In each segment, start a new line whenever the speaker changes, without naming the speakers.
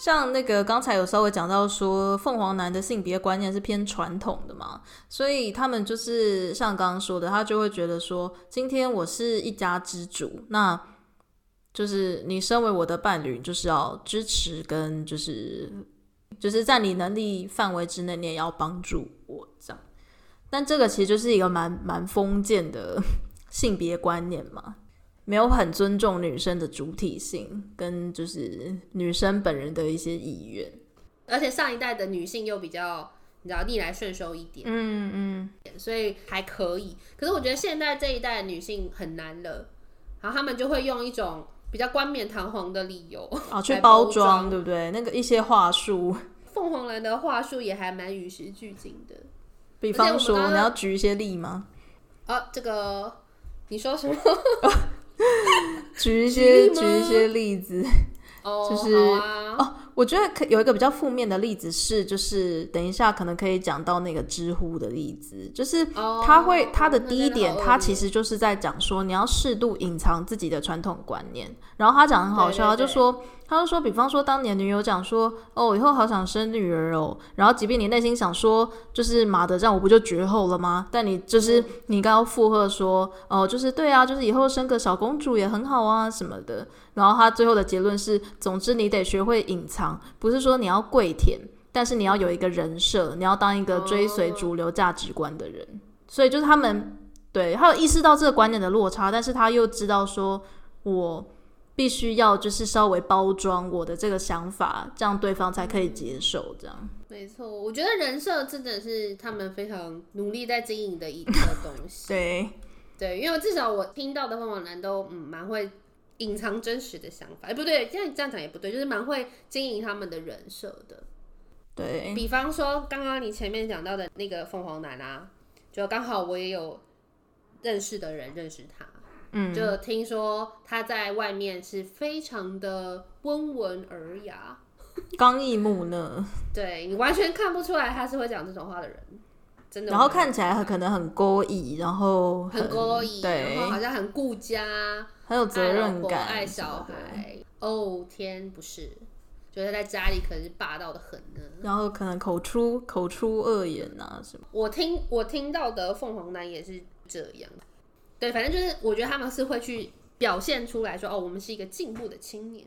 像那個剛才有稍微講到說，鳳凰男的性別觀念是偏傳統的嘛，所以他們就是像剛剛說的，他就會覺得說，今天我是一家之主，那，就是你身為我的伴侶，就是要支持跟就是就是在你能力範圍之內，你也要幫助我這樣。但這個其實就是一個蠻蠻封建的性別觀念嘛，沒有很尊重女生的主體性跟就是女生本人的一些意願。
而且上一代的女性又比較你知道逆來順受一點，嗯嗯，所以還可以。可是我覺得現在這一代的女性很難了，然後他們就會用一種。比較冠冕堂皇的理由啊，去包裝
對不對？那個一些話術，
鳳凰男的話術也還蠻與時俱進的。
比方說剛剛，你要舉一些例嗎？
啊，這個你說什麼？
啊、舉一些舉，舉一些例子，哦、就是哦。我覺得可有一個比較負面的例子是，就是等一下可能可以講到那個知乎的例子，就是他會他的第一點，他其實就是在講說你要適度隱藏自己的傳統觀念，然後他講很好笑，對對對，他就說。他就說，比方說當年女友講說，哦，以後好想生女兒哦。然後，即便你內心想說，就是媽的，這樣我不就絕後了嗎？但你就是你剛剛附和說，哦，就是對啊，就是以後生個小公主也很好啊什麼的。然後他最後的結論是，總之你得學會隱藏，不是說你要跪舔，但是你要有一個人設，你要當一個追隨主流價值觀的人。所以就是他們對，他有意識到這個觀點的落差，但是他又知道說我。必須要就是稍微包裝我的這個想法，這樣對方才可以接受。這樣、
嗯、沒錯，我覺得人設真的是他們非常努力在經營的一個東西。 對對，因為至少我聽到的鳳凰男都嗯蠻會隱藏真實的想法。哎、欸，不對，這樣這樣講也不對，就是蠻會經營他們的人設的。
對，
比方說，剛剛你前面講到的那個鳳凰男啊，就剛好我也有認識的人認識他。嗯、就聽說他在外面是非常的溫文爾雅，
剛毅木訥。
對，你完全看不出來他是會講這種話的人，真的。然後看起來
他可能很古意，然後很古
意，對，然後好像很顧家，
很有責任感，愛，愛
小孩。哦、oh, 天，不是，覺得在家裡可能是霸道的很
呢。然後可能口出口出惡言啊什麼。
我聽我聽到的鳳凰男也是這樣。對，反正就是，我覺得他們是會去表現出來說，哦，我們是一個進步的青年，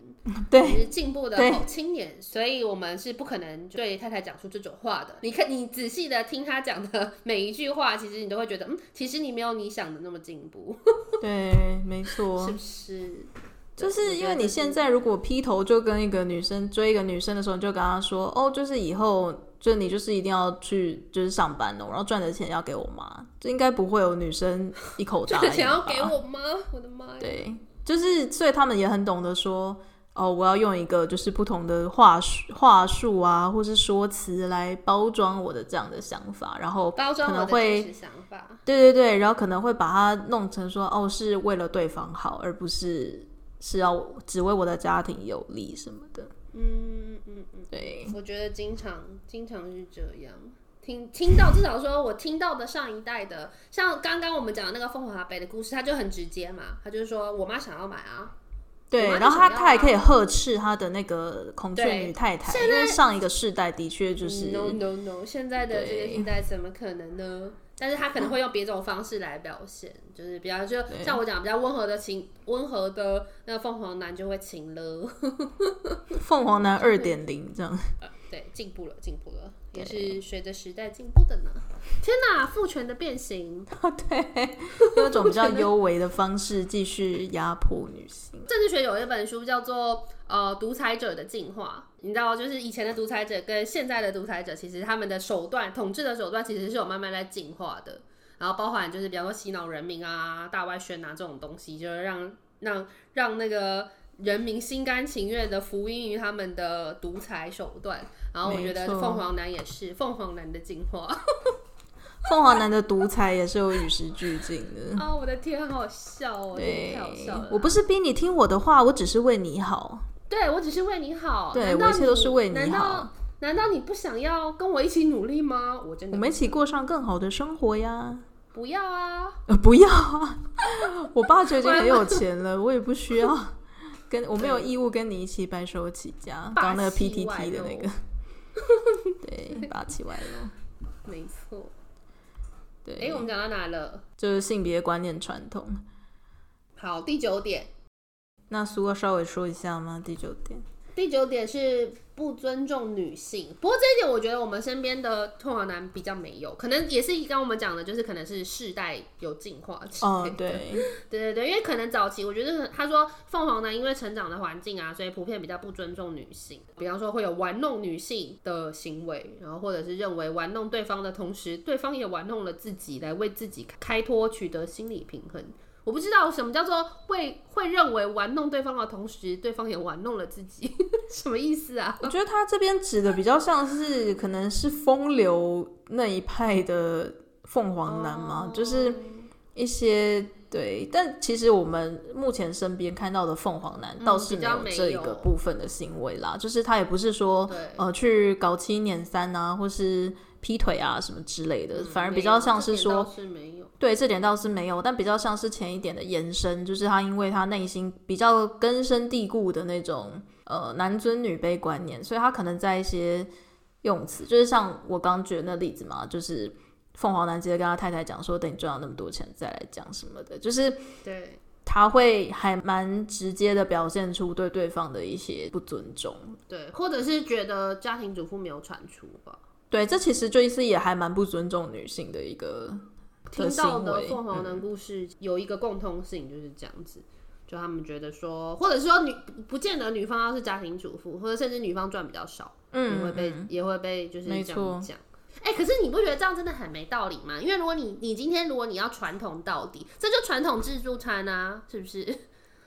對，我們是進步的、哦、青年，所以我們是不可能對太太講出這種話的。你看，你仔細的聽他講的每一句話，其實你都會覺得，嗯，其實你沒有你想的那麼進步。
對， 沒錯，是不是？
就是因為你現
在如果劈頭就跟一個女生，追一個女生的時候，你就跟她說哦，就是以後就你就是一定要去就是上班了，哦，然後賺的錢要給我媽，就應該不會有女生一口答應吧？ 賺的錢要給
我媽，
我的媽呀！對，就是所以他們也很懂得說哦，我要用一個就是不同的話話術啊，或是說辭來包裝我的這樣的想法，然後包裝可能會想法，對對對，然後可能會把它弄成說哦，是為了對方好，而不是。是要，啊、只為我的家庭有利什麼的，嗯、
嗯、嗯，對，我覺得經常、經常是這樣，聽聽到至少說我聽到的上一代的，像剛剛我們講的那個鳳凰北的故事，他就很直接嘛，他就是說我媽想要買啊，對，啊、然後他他還可以呵
斥他的那個孔雀女太太，因為上一個世代的確就是 no, no no
no，現在的這個世代怎麼可能呢？但是他可能會用別種方式來表現，
哦、就是比較就像我講
比較溫和的情，溫和的那個鳳凰男就會情勒，
鳳 凰男二點零這樣，啊、
對，進步了，進步了。也、okay. 是隨着時代進步的呢。天哪、啊，父權的變形啊， 對，
用一 種比較幽微的方式繼續壓迫女性。
政治學有一本書叫做《呃，獨裁者的進化》，你知道，就是以前的獨裁者跟現在的獨裁者，其實他們的手段統治的手段其實是有慢慢在進化的，然後包含就是比方說洗腦人民啊、大外宣啊這種東西，就是讓讓讓那個。人民心甘情願的服膺於他們的獨裁手段，然後我覺得鳳凰男也是鳳凰男的進化，
鳳 凰男的獨裁也是有與時俱進的啊、 哦！
我的天，好笑哦！對，太好笑了。
我不是逼你聽我的話，我只是為你好。
對，我只是為你好。對，我一切都是為你好。難道，難道你不想要跟我一
起努力嗎？我真的，我們一起過上更好的生活呀！不要啊！呃、不要啊！ 我爸就已經很有錢了，我也不需要。 跟我沒有義務跟你一起白手起家。剛剛那個 PTT 的那個， 對，霸氣外露， 沒錯，
對。哎、欸，我們講到哪了？
就是性別觀念傳統。
好，第九點，
那蘇哥稍微說一下嗎？第九點，第九點是。
不尊重女性，不過這一點我覺得我們身邊的鳳凰男比較沒有，可能也是剛我們講的，就是可能是世代有進化期。哦、嗯，對，對對對，因為可能早期我覺得他說鳳凰男因為成長的環境啊，所以普遍比較不尊重女性，比方說會有玩弄女性的行為，然後或者是認為玩弄對方的同時，對方也玩弄了自己，來為自己開脫，取得心理平衡。我不知道什麼叫做會會認為玩弄對方的同時，對方也玩弄了自己，
什麼意思啊？我覺得他這邊指的比較像是，可能是風流那一派的鳳凰男嘛、哦，就是一些對，但其實我們目前身邊看到的鳳凰男倒是、嗯、沒，有沒有這一個部分的行為啦，就是他也不是說呃去搞七捻三啊，或是。劈腿啊什麼之類的，反而比較像是說，嗯、沒有，對，這點倒是沒有，但比較像是前一點的延伸，就是他因為他內心比較根深蒂固的那種呃男尊女卑觀念，所以他可能在一些用詞，就是像我剛舉的那例子嘛，就是鳳凰男直接跟他太太講說，等你賺了那麼多錢再來講什麼的，就是對他會還蠻直接的表現出對對方的一些不尊重，
對，或者是覺得家庭主婦沒有產出吧。
對，這其實就是也還蠻不尊重女性的一個的聽到的鳳凰男
故事，嗯，有一個共通性就是這樣子，就他們覺得說，或者說女不見得女方要是家庭主婦，或者甚至女方賺比較少，嗯，會被也會被就是這樣講。哎、欸，可是你不覺得這樣真的很沒道理嗎？因為如果你你今天如果你要傳統到底，這就傳統自助餐啊，是不是？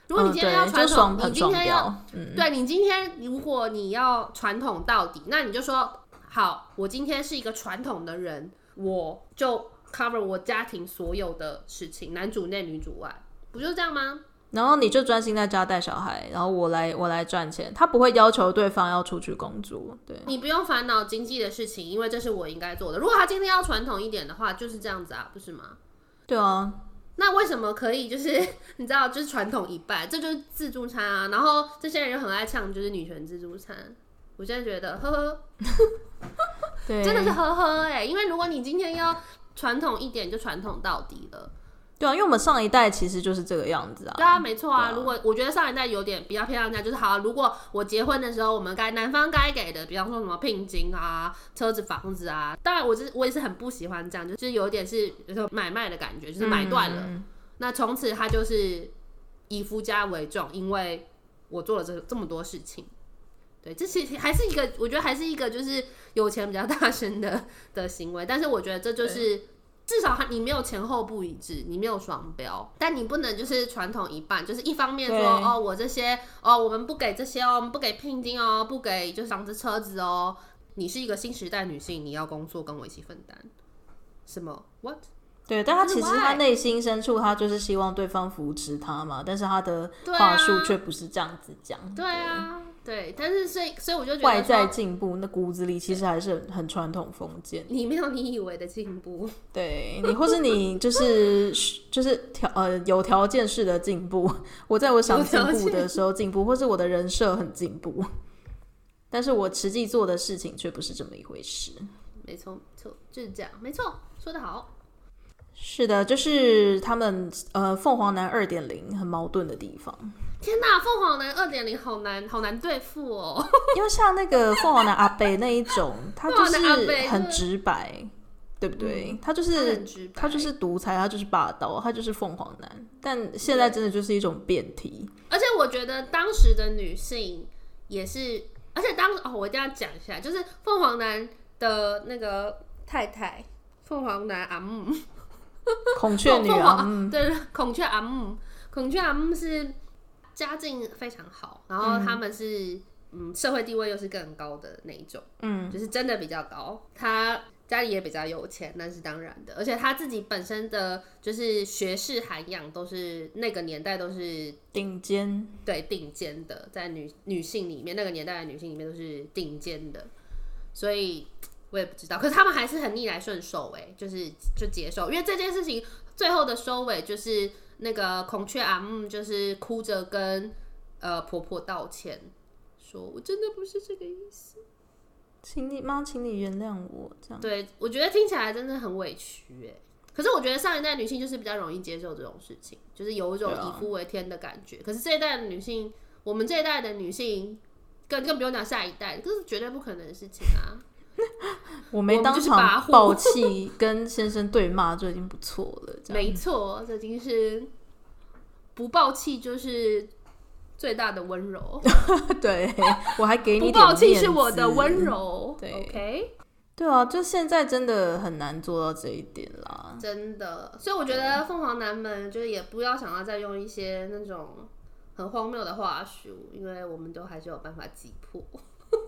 如果你今天要傳統，嗯、你今天
要，嗯、對
你今天如果你要傳統到底，那你就說。好，我今天是一個傳統的人，我就 cover 我家庭所有的事情，男
主內女主外，
不就這樣嗎？
然後你就專心在家帶小孩，然後我來我來賺錢。他不會要求對方要出去工作，對，
你不用煩惱經濟的事情，因為這是我應該做的。如果他今天要傳統一點的話，就是這樣子啊，不是嗎？
對啊，
那為什麼可以？就是你知道，就是傳統一半，這就是自助餐啊。然後這些人就很愛嗆，就是女權自助餐。我現在覺得呵呵，對，真的是呵呵哎、欸，因為如果你今天要傳統一點，就傳統到底了。
對啊，因為我們上一代其實就是這個樣子啊。對啊，
沒錯啊。如果我覺得上一代有點比較偏向，在，就是好、啊，如果我結婚的時候，我們該男方該給的，比方說什麼聘金啊、車子、房子啊，當然我就是我也是很不喜歡這樣，就是有點是有時候買賣的感覺，就是買斷了。那從此他就是以夫家為重，因為我做了這這麼多事情。對，這其實還是一個，我覺得還是一個，就是有錢比較大聲的的行為。但是我覺得這就是至少你沒有前後不一致，你沒有雙標，但你不能就是傳統一半，就是一方面說哦，我這些哦，我們不給這些哦，我們不給聘金哦，不給就是房子車子哦。你是一個新時代女性，你要
工作跟我一起分擔，什麼？What？對，但他其實他內心深處他就是希望對方扶持他嘛，但是他的話術卻不是這樣子講。
對啊，對，但是所以所以我就覺得外在進
步，那骨子裡其實還是很傳統封建。
你沒有你以為的進步，
對，你或是你就是就是條呃有條件式的進步。 我在我想進步的時候進步，或是我的人設很進步，但是我實際做的事情卻不是這麼一回事。
沒錯，錯，就是這樣，沒錯，說得好。
是的，就是他們呃，鳳凰男二點零很矛盾的地方。
天哪，鳳凰男二點零好難，好難對付哦。
因為像那個鳳凰男阿伯那一種，他就是很直白，對不對？嗯、他就是他，他就是獨裁，他就是霸道，他就是鳳凰男。但現在真的就是一種變體。
而且我覺得當時的女性也是，而且當時哦，我一定要講一下，就是鳳凰男的那個太太，鳳凰男阿姆。
孔雀女王，
對，孔雀阿木，孔雀阿木是家境非常好，然後他們是嗯、嗯，社會地位又是更高的那一種，嗯，就是真的比較高。他家裡也比較有錢，那是當然的，而且他自己本身的就是學識，涵養都是那個年代都是頂尖、尖，對，頂尖的，在女女性裡面，那個年代的女性裡面都是頂尖的，所以。我也不知道，可是他們還是很逆來順受，哎，就是就接受，因為這件事情最後的收尾、欸、就是那個孔雀阿木就是哭着跟呃婆婆道歉說，說我真的不是這個意思，請你媽，請你原諒我，這樣。對，我覺得聽起來真的很委屈、欸，哎，可是我覺得上一代女性就是比較容易接受這種事情，就是有一種以夫為天的感覺，啊、可是這一代的女性，我們這一代的女性，更更不用講下一代，這是絕對不可能的事情啊。
我沒當場爆氣，跟先生對罵就已經不錯了。這樣。 沒錯，
這已經是不爆氣就是最大的溫柔。
對，我還給你一點 不爆氣是我的溫柔。對，OK，對啊，就現在真的很難做到這一點啦，
真的。所以我覺得鳳凰男們就是也不要想要再用一些那種很荒謬的話術，因為我們都還是有辦法擊破。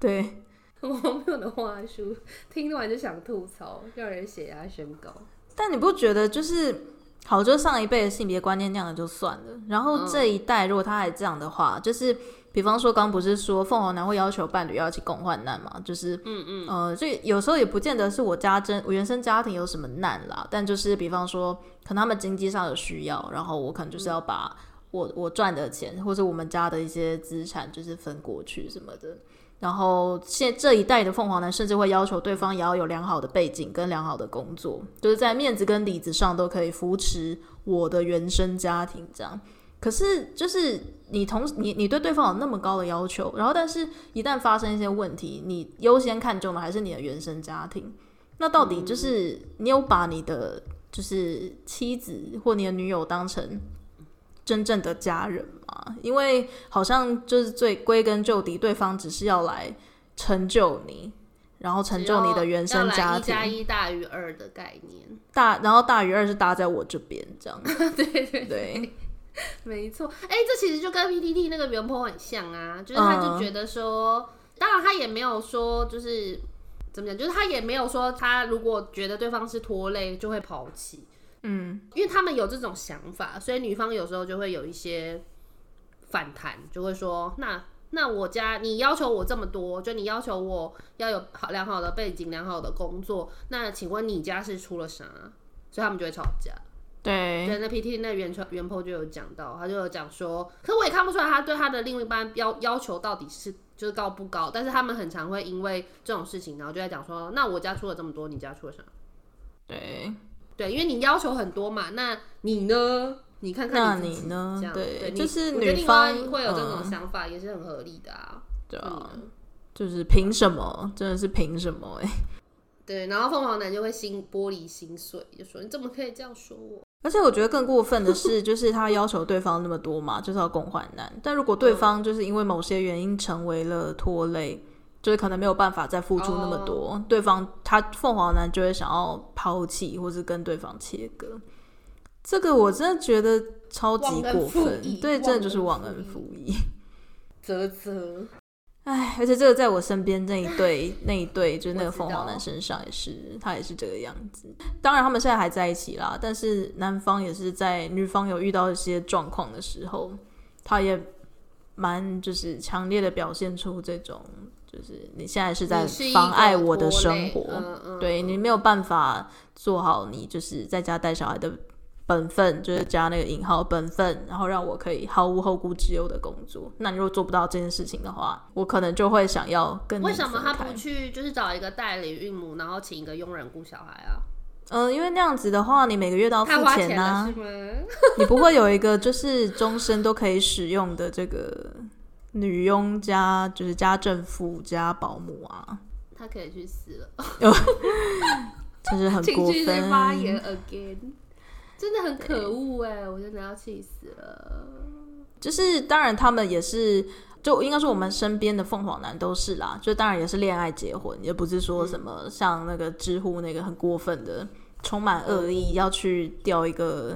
對，我沒
有的話術聽完就想吐槽，讓人血壓升高。
但你不覺得就是，好，就上一輩的性別觀念這樣子就算了，然後這一代如果他還這樣的話，嗯、就是，比方說剛不是說鳳凰男會要求伴侶要去共患難嘛，就是，嗯嗯，呃，所以有時候也不見得是我家真我原生家庭有什麼難啦，但就是比方說可能他們經濟上有需要，然後我可能就是要把我、嗯、我賺的錢或者我們家的一些資產就是分過去什麼的。然後現這一代的鳳凰男甚至會要求對方也要有良好的背景跟良好的工作，就是在面子跟裡子上都可以扶持我的原生家庭這樣。可是就是你同你你對對方有那麼高的要求，然後但是一旦發生一些問題，你優先看重的還是你的原生家庭？那到底就是你有把你的就是妻子或你的女友當成？真正的家人嘛，因為好像就是最歸根究底，對方只是要來成就你，然後成就你的原生家庭。要來一加一
大於二的概念。
大，然後大於二是搭在我這邊這樣。 對，對對對，
沒錯。哎、欸，這其實就跟 PTT 那個原 PO 很像啊，就是他就覺得說，嗯、當然他也沒有說就是怎麼講，就是他也沒有說他如果覺得對方是拖累就會拋棄。嗯，因為他們有這種想法，所以女方有時候就會有一些反彈，就會說：“那那我家你要求我這麼多，就你要求我要有好良好的背景、良好的工作，那請問你家是出了啥？”所以他們就會吵架。對，對。那 PT 那原原 po 就有講到，他就有講說：“可我也看不出來，他對他的另一半要要求到底是就是高不高，但是他們很常會因為這種事情，然後就在講說：‘那我家出了這麼多，你家出了啥？’對。”對，因為你要求很多嘛，那你呢？你看看你，那你呢？對？對，就是女方會有這種想法，嗯，也是很合理的啊。啊
對啊，就是憑什麼？真的是憑什麼？欸？哎，
對。然後鳳凰男就會心玻璃心碎，就說你怎麼可以這樣說我。
而且我覺得更過分的是， 就是他要求對方那麼多嘛，就是要共患難。但如果對方就是因為某些原因成為了拖累。就是可能沒有辦法再付出那麼多，oh. 對方他鳳凰男就會想要拋棄或者跟對方切割。這個我真的覺得超級過分，嗯、對，真的就是忘恩負義。嘖嘖哎，而且這個在我身邊那一對、啊、那一對，就是那個鳳凰男身上也是，他也是這個樣子。當然他們現在還在一起啦，但是男方也是在女方有遇到一些狀況的時候，他也蠻就是強烈的表現出這種。就是你現在是在妨礙我的生活，對，你沒有辦法做好你就是在家帶小孩的本分，就是加那個引號本分，然後讓我可以毫無後顧之憂的工作。那你如果做不到這件事情的話，我可能就會想要跟你分開。為什麼
他不去就是找一個代理孕母，然後請一個傭人顧小孩啊？
嗯，因為那樣子的話，你每個月都要付錢啊，你不會有一個就是終身都可以使用的這個。女傭加就是家政婦加保姆啊，
他可以去死了，
就 是很過分，情緒在發言
again，真的很可惡哎，我真的要氣死了。
就是當然他們也是，就應該說我們身邊的鳳凰男都是啦，就當然也是戀愛結婚，也不是說什麼像那個知乎那個很過分的，嗯、充滿惡意、嗯、要去釣一個。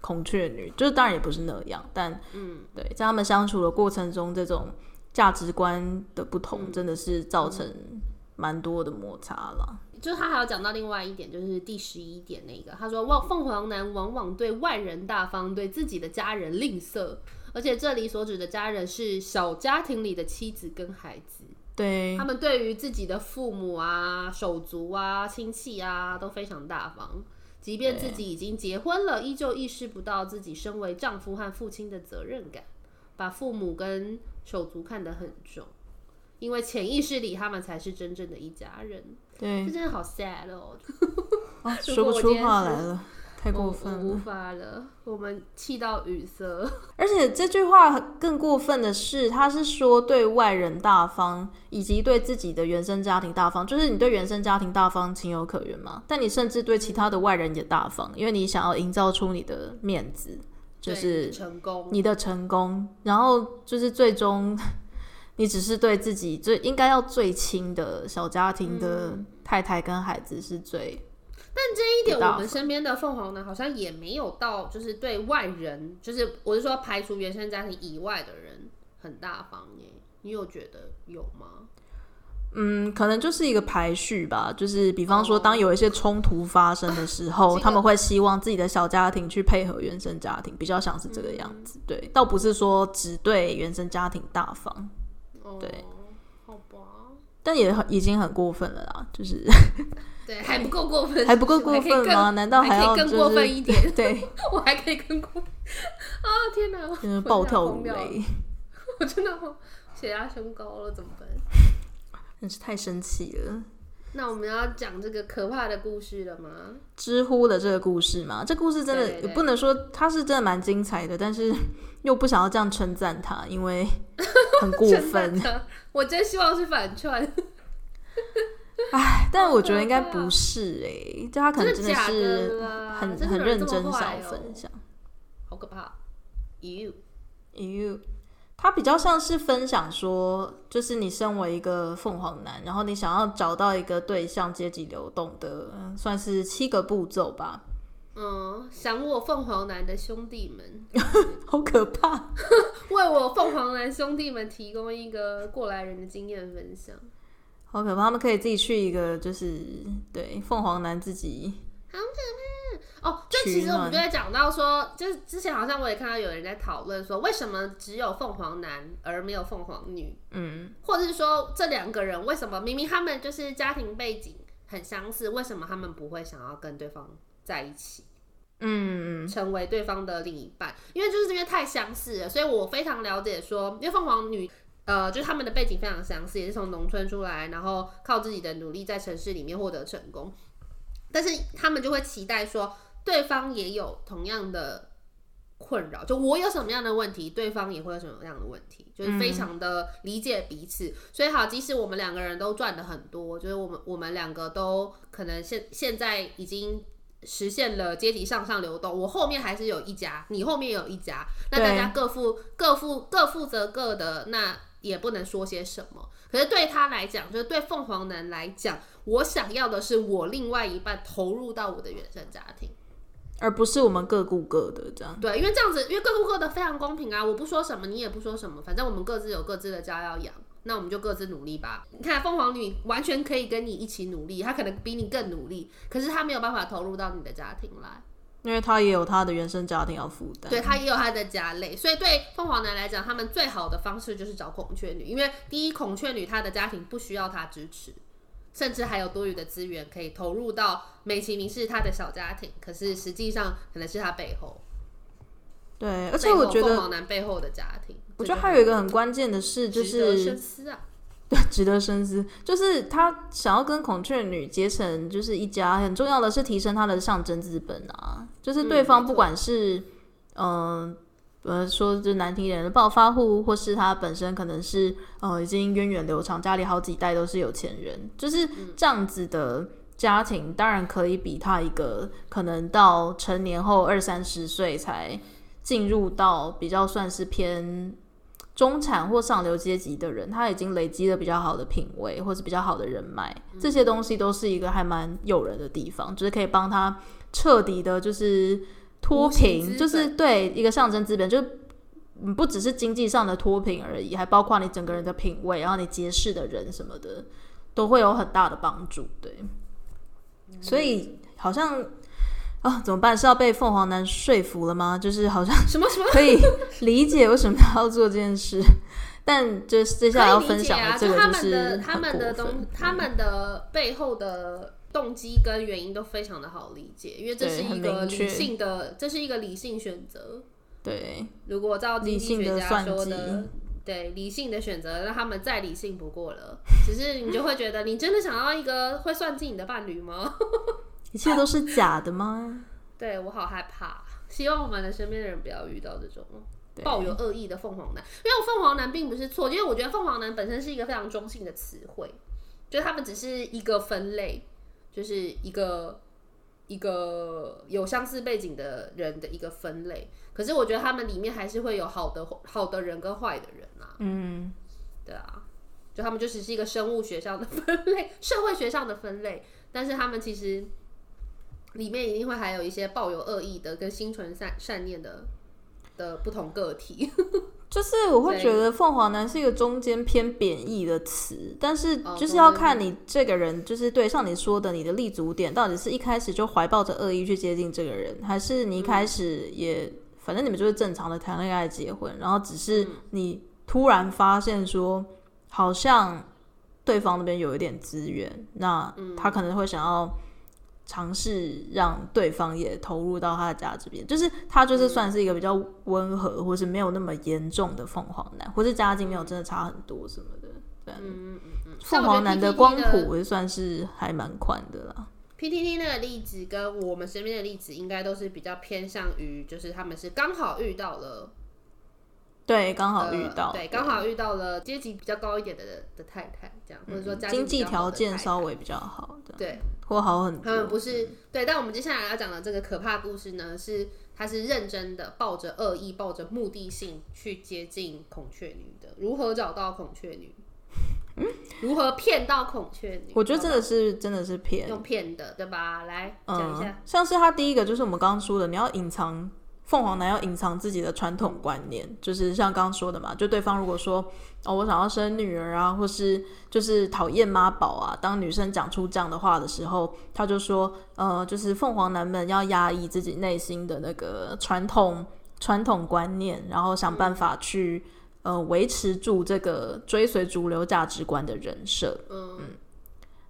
孔雀女，就是當然也不是那樣，但嗯，對，在他們相處的過程中，這種價值觀的不同真的是造成蠻多的摩擦啦。
就他還要講到另外一點，就是第十一點那個，他說望鳳凰男往往對外人大方，對自己的家人吝嗇，而且這裡所指的家人是小家庭裡的妻子跟孩子。對，他們對於自己的父母啊、手足啊、親戚啊都非常大方。即便自己已經結婚了，依舊意識不到自己身為丈夫和父親的責任感，把父母跟手足看得很重，因為潛意識裡他們才是真正的一家人。對，這真的好 sad 哦，
啊、 說不出話來了。太過分了，我，我，無
法了，我們氣到語塞。
而且這句話更過分的是，他是說對外人大方，以及對自己的原生家庭大方。就是你對原生家庭大方情有可原嘛？但你甚至對其他的外人也大方，因為你想要營造出你的面子，就是你的成功。然後就是最終，你只是對自己最應該要最親的小家庭的太太跟孩子是最。
但這一點，我們身邊的鳳凰男好像也沒有到，就是對外人，就是我是說排除原生家庭以外的人很大方耶。你有覺得
有嗎？嗯，可能就是一個排序吧。就是比方說，當有一些衝突發生的時候，oh. 他們會希望自己的小家庭去配合原生家庭， 比較像是這個樣子，嗯。對，倒不是說只對原生家庭大方。哦、oh.，對，好吧。但也已經很過分了啦，就是。
對，還不夠過分是不是，還不夠過分嗎？難道還要更過分一點？一點 對， 我還可以更過分。啊天哪！暴跳如雷，我真的好血壓升高了，怎麼辦？
真是太生氣了。
那我們要講這個可怕的故事了嗎？
知乎的這個故事嗎？這故事真的對對對不能說它是真的蠻精彩的，但是又不想要這樣稱讚它，因為
很過分
我真希望是反串。哎，但我覺得應該不是哎、欸，這，他可能真的是很是的很，的很認真想分
享。好可怕
！You，You，you. 他比較像是分享說，就是你身為一個鳳凰男，然後你想要找到一個對象階級流動的、嗯，算是七個步驟吧。嗯，
想我鳳凰男的兄弟們，就是、 好可怕！ 為我鳳凰男兄弟們提供一個過來人的經驗分享。
好可怕！他們可以自己去一個，就是對鳳凰男自己。
好可
怕哦！這其實我們就在
講到說，就是之前好像我也看到有人在討論說，為什麼只有鳳凰男而沒有鳳凰女？嗯，或者是說這兩個人為什麼明明他們就是家庭背景很相似，為什麼他們不會想要跟對方在一起？嗯，成為對方的另一半？嗯、因為就是這邊太相似了，所以我非常了解說，因為鳳凰女。呃，就是他們的背景非常相似，也是從農村出來，然後靠自己的努力在城市裡面獲得成功。但是他們就會期待說，對方也有同樣的困擾，就我有什麼樣的問題，對方也會有什麼樣的問題，就是非常的理解彼此、嗯。所以好，即使我們兩個人都賺了很多，就是我們我們兩個都可能現現在已經實現了階級向上流動。我後面還是有一家，你後面有一家，那大家各負各負各負責各的那。也不能說些什麼，可是對他來講，就是對鳳凰男來講，我想要的是我另外一半投入到我的原生家庭，
而不是我們各顧各的這樣。對，因
為這樣子，因為各顧各的非常公平啊，我不說什麼，你也不說什麼，反正我們各自有各自的家要養，那我們就各自努力吧。你看，鳳凰女完全可以跟你一起努力，她可能比你更努力，可是她沒有辦法投入到你的家庭來。
因為他也有他的原生家庭要負擔，對他
也有他的家累，所以對鳳凰男來講，他們最好的方式就是找孔雀女。因為第一，孔雀女她的家庭不需要他支持，甚至還有多餘的資源可以投入到美其名是他的小家庭，可是實際上可能是他背後。
對，而且我覺得鳳凰
男背後的家庭，
我覺得還有一個很關鍵的事就是。 值得深思。就是他想要跟孔雀女結成就是一家，很重要的是提升他的象徵資本啊。就是對方不管是嗯呃、嗯嗯、說就難聽點的暴發戶，或是他本身可能是呃、嗯、已經源遠流長，家裡好幾代都是有錢人，就是這樣子的家庭，當然可以比他一個可能到成年後二三十歲才進入到比較算是偏。中產或上流階級的人，他已經累積了比較好的品位或者比較好的人脈，這些東西都是一個還蠻誘人的地方，嗯、就是可以幫他徹底的，就是脫貧，就是對一個象徵資本，就是就不只是經濟上的脫貧而已，還包括你整個人的品味，然後你結識的人什麼的，都會有很大的幫助。對，嗯、所以好像。哦，怎麼辦？是要被鳳凰男說服了嗎？就是好像什麼什麼可以理解為什麼要做這件事，什麼什麼，但就是接下來要分享的這就是、啊、就他們的他們的東、嗯、
他們的背後的動機跟原因都非常的好理解，因為這是一個理性，理性的這是一個理性選擇。
對，
如果照經濟學家說的，理的對理性的選擇讓他們再理性不過了。只是你就會覺得，你真的想要一個會算計你的伴侶嗎？
一切都是假的嗎？
啊、對我好害怕。希望我們的身邊的人不要遇到這種抱有惡意的鳳凰男。因為鳳凰男並不是錯，因為我覺得鳳凰男本身是一個非常中性的詞彙，就他們只是一個分類，就是一個一個有相似背景的人的一個分類。可是我覺得他們裡面還是會有好的好的人跟壞的人啊。嗯，對啊，就他們就只是一個生物學上的分類，社會學上的分類。但是他們其實。裡面一定會還有一些抱有惡意的跟心存善善念的的不同個體，
就是我會覺得“鳳凰男”是一個中間偏貶義的詞，但是就是要看你這個人，就是對像你說的，你的立足點到底是一開始就懷抱着惡意去接近這個人，還是你一開始也、嗯、反正你們就是正常的談戀愛、結婚，然後只是你突然發現說好像對方那邊有一點資源，那他可能會想要。嘗試讓對方也投入到他的家這邊，就是他就是算是一個比較溫和、嗯，或是沒有那麼嚴重的鳳凰男，或是家境沒有真的差很多什麼的。嗯嗯嗯嗯、鳳凰男的光譜也算是還蠻寬的啦。
P T T 那個例子跟我們身邊的例子，應該都是比較偏向於，就是他們是剛好遇到了。
對，剛好遇到、呃、對，剛好遇
到了階級比較高一點的的，的，太太、嗯、的太太，這樣或者說經濟條
件稍微比較好的，對，或好很多。多。嗯，不
是對，但我們接下來要講的這個可怕故事呢，是他是認真的，抱着惡意，抱着目的性去接近孔雀女的。如何找到孔雀女？嗯，如何騙到孔雀女？我覺得真的
是真的是騙用
騙的，對吧？來講、嗯、一下，
像是他第一個就是我們剛剛說的，你要隱藏。鳳凰男要隱藏自己的傳統觀念，就是像剛剛說的嘛，就對方如果說哦，我想要生女兒啊，或是就是討厭媽寶啊，當女生講出這樣的話的時候，他就說，呃，就是鳳凰男們要壓抑自己內心的那個傳統傳統觀念，然後想辦法去呃維持住這個追隨主流價值觀的人設，嗯。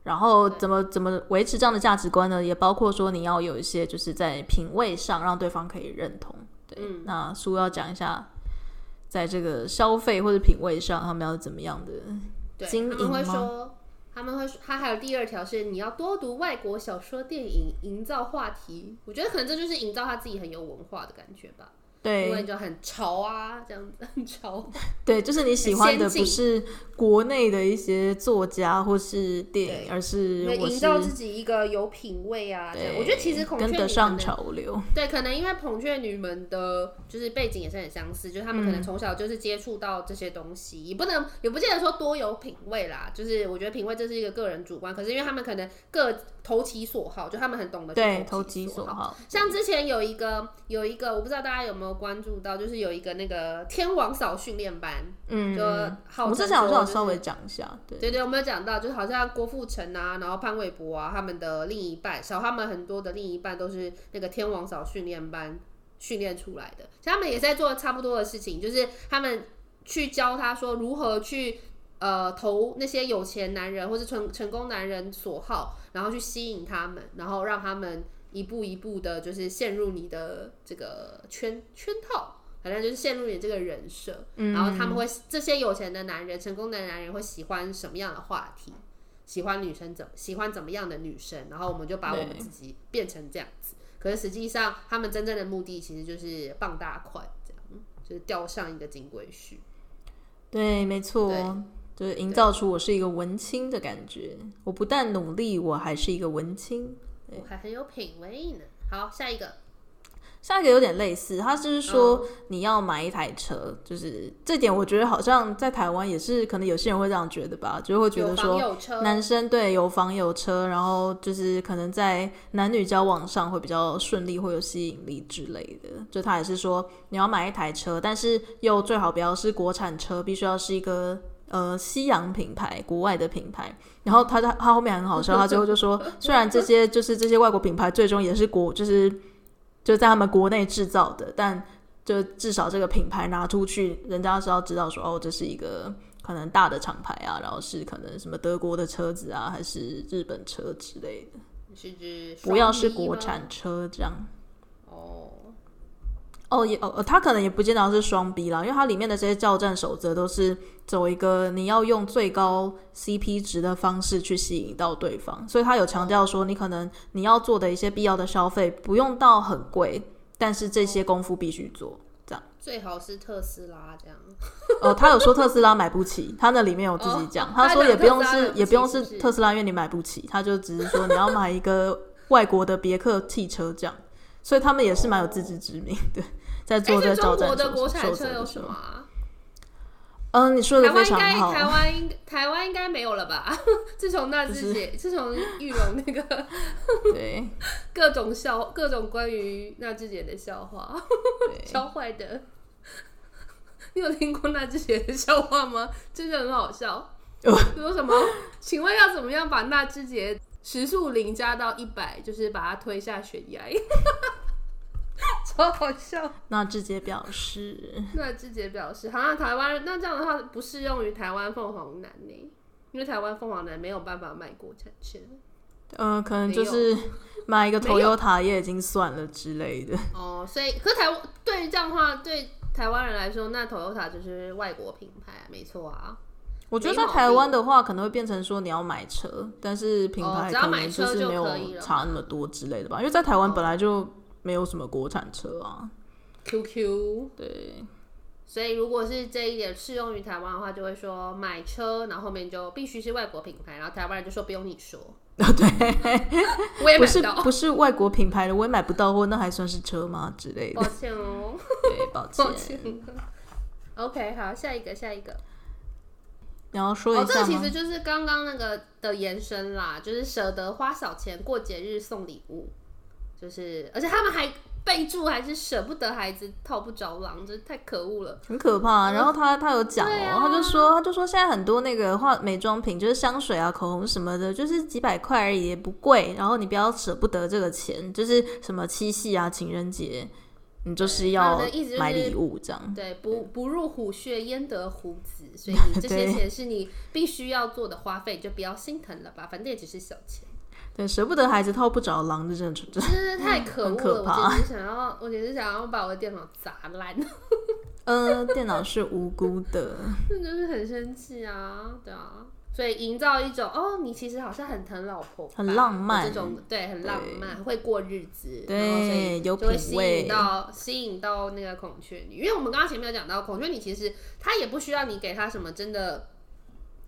然後怎麼怎麼維持這樣的價值觀呢？也包括說你要有一些就是在品味上讓對方可以認同。對，嗯、那書要講一下，在這個消費或者品味上，他們要怎麼樣的經營嗎？對，他們會說，
他們會說，他還有第二條是你要多讀外國小說、電影，營造話題。我覺得可能這就是營造他自己很有文化的感覺吧。對，因為就很潮啊，這樣子很潮。對，就是你喜歡的不是
國內的一些作家或是電影，而是營造自己
一個有品味啊
對對，我覺得其實孔雀女跟得上潮流。
對，可能因為孔雀女們的就是背景也是很相似，就是她們可能從小就是接觸到這些東西，也、嗯、不能也不見得說多有品味啦。就是我覺得品味這是一個個人主觀，可是因為他們可能各。投其所好，就他們很懂得對，
投其所好，其所好。像
之前有一個有一個，我不知道大家有沒有關注到，就是有一個那個天王嫂訓練班，嗯，就好，就是。我之前有做稍微講
一下，對，對，對，對，
我們有講到，就好像郭富城啊，然後潘瑋柏啊，他們的另一半，小他們很多的另一半都是那個天王嫂訓練班訓練出來的，他們也在做差不多的事情，就是他們去教他說如何去。呃，投那些有錢男人或是成成功男人所好，然後去吸引他們，然後讓他們一步一步的，就是陷入你的這個圈圈套，反正就是陷入你這個人設，嗯。然後他們會這些有錢的男人、成功的男人會喜歡什麼樣的話題？喜歡女生怎麼？喜歡怎麼樣的女生？然後我們就把我們自己變成這樣子。可是實際上，他們真正的目的其實就是傍大款，這樣就是釣上一個金龜婿。
對，沒錯。就是營造出我是一個文青的感覺。我不但努力，我還是一個文青，我、
哦、還很有品位呢。好，下一個，
下一個有點類似。他就是說、嗯、你要買一台車，就是這點我覺得好像在台灣也是，可能有些人會這樣覺得吧，就是、會覺得說男生對有房有車，然後就是可能在男女交往上會比較順利，會有吸引力之類的。就他也是說你要買一台車，但是又最好不要是國產車，必須要是一個。呃，西洋品牌，國外的品牌，然後他他後面很好笑，他最後就說，雖然這些就是這些外國品牌，最終也是國，就是就在他們國內制造的，但就至少這個品牌拿出去，人家是要知道說，哦，這是一個可能大的廠牌啊，然後是可能什麼德國的車子啊，還是日本車之類的，
是不要是國產
車這樣。哦、oh yeah, oh, -er, so，也哦，他可能也不見得是雙 B 啦，因為它裡面的這些教戰守則都是走一個你要用最高 CP 值的方式去吸引到對方，所以他有強調說你可能你要做的一些必要的消費不用到很貴，但是這些功夫必須做，這樣
最好是特斯拉這
樣。呃，他有說特斯拉買不起，他那裡面有自己講，他說也不用是 也不用是特斯拉，因為你買不起， 他就只是說你要買一個外國的別克汽車這樣。 所以他們也是蠻有自知之明，對，在做的挑戰手、欸、中國的國產車有什麼、啊？嗯，你說得非常好。台灣
應該台灣應該沒有了吧？ 自從納智捷，自從裕隆那個，對，各種笑，各種關於納智捷的笑話，對笑壞的。你有聽過納智捷的笑話嗎？真、就、的、是、很好笑。 說什麼？請問要怎麼樣把納智捷？時速零加到一百，就是把它推下懸崖，
超好笑。那志杰表示，
那志杰表示，好像台灣人，那這樣的話不適用於台灣鳳凰男呢，因為台灣鳳凰男沒有辦法買國產車。嗯、
呃，可能就是買一個 Toyota 也已經算了之類的。
哦，所以可台對於這樣的話，對台灣人來說，那 Toyota 就是外國品牌，啊，沒錯啊。我覺得在台灣的
話，可能會變成說你要買車，但是品牌可能就是沒有差那麼多之類的吧，因為在台灣本來就沒有什麼國產車啊。QQ 對，
所以如果是這一點適用於台灣的話，就會說買車，然後後面就必須是外國品牌，然後台灣人就說不用你說。 對 我，我也買不到，
不是，不是外國品牌的我也買不到，貨那還算是車嗎？之類的，抱
歉哦，對抱，抱歉。OK，好，下一個，下一個。
然後說一下，哦，這個、其實就
是剛剛那個的延伸啦，就是捨得花小錢過節日送禮物，就是，而且他們還備注還是捨不得孩子套不着狼，這、就是、太可惡了，
很可怕、啊。然後他他有講哦，嗯啊、他就說他就說現在很多那個化美妝品，就是香水啊、口紅什麼的，就是幾百塊而已，也不貴。然後你不要捨不得這個錢，就是什麼七夕啊、情人節。你就是要，就是、買禮物，這樣
對，不不入虎穴焉得虎子，
所以你這些錢
是你必須要做的花費， 就不要心疼了吧，反正也只是小錢。
對，捨不得孩子套不着狼，這真的，這真的太可惡了。我簡
直想要，我簡直想要把我的電腦砸爛。嗯
呃，電腦是無辜的。 那
就是很生氣啊，對啊。所以營造一種哦，你其實好像很疼老婆，
很浪漫這種，
對，很浪漫，會過日子，對，有品味，所以就會吸引到吸引到那個孔雀女。因為我們剛剛前面有講到，孔雀女其實她也不需要你給她什麼真的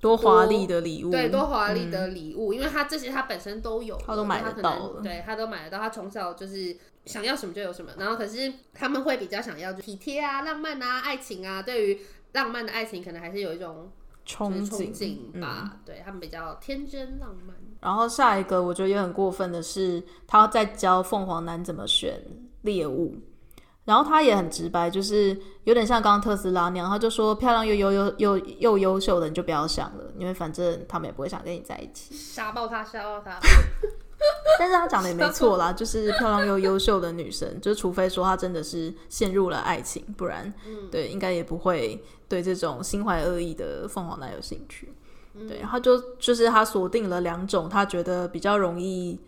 多華麗的禮物，對，多華麗的
禮物、嗯，因為她這些她本身都有，她都買得到，對她都買得到，她從小就是想要什麼就有什麼。然後可是他們會比較想要體貼啊、浪漫啊、愛情啊。對於浪漫的愛情，可能還是有一種。
憧憬，就是、憧憬吧，嗯、
對他們比較天真浪漫。
然後下一個我覺得也很過分的是，他要在教鳳凰男怎麼選獵物，然後他也很直白，就是有點像剛剛特斯拉那樣，他就說漂亮又優、優又又又優秀的你就不要想了，因為反正他們也不會想跟你在一起，
殺爆、爆他，殺爆他。
但是他講的也沒錯啦，就是漂亮又優秀的女生， 就除非說她真的是陷入了愛情，不然，嗯、對，應該也不會對這種心懷惡意的鳳凰男有興趣。對，然後就就是他鎖定了兩種他覺得比較容易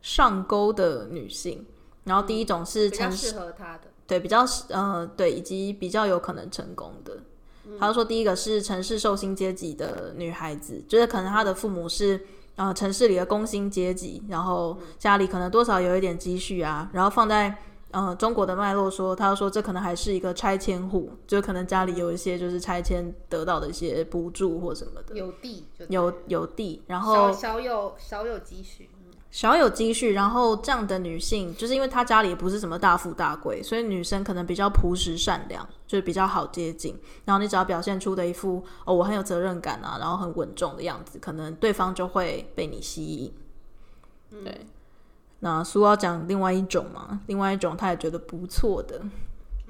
上鈎的女性，然後第一種是城市，嗯、適合他的對比較呃對以及比較有可能成功的，嗯、他就說第一個是城市受薪階級的女孩子，就是可能她的父母是。呃，城市裡的工薪階級，然後家裡可能多少有一點積蓄啊，嗯、然後放在呃中國的脈絡說，他就說這可能還是一個拆遷戶，就可能家裡有一些就是拆遷得到的一些補助或什麼的，
有地就，
有有地，然後少，
少有少有
積蓄。小有積蓄，然後這樣的女性，就是因為她家裡也不是什麼大富大貴，所以女生可能比較樸實善良，就是比較好接近。然後你只要表現出的一副哦，我很有責任感啊，然後很穩重的樣子，可能對方就會被你吸引。對、嗯，那蘇要講另外一種嘛，另外一種他也覺得不錯的。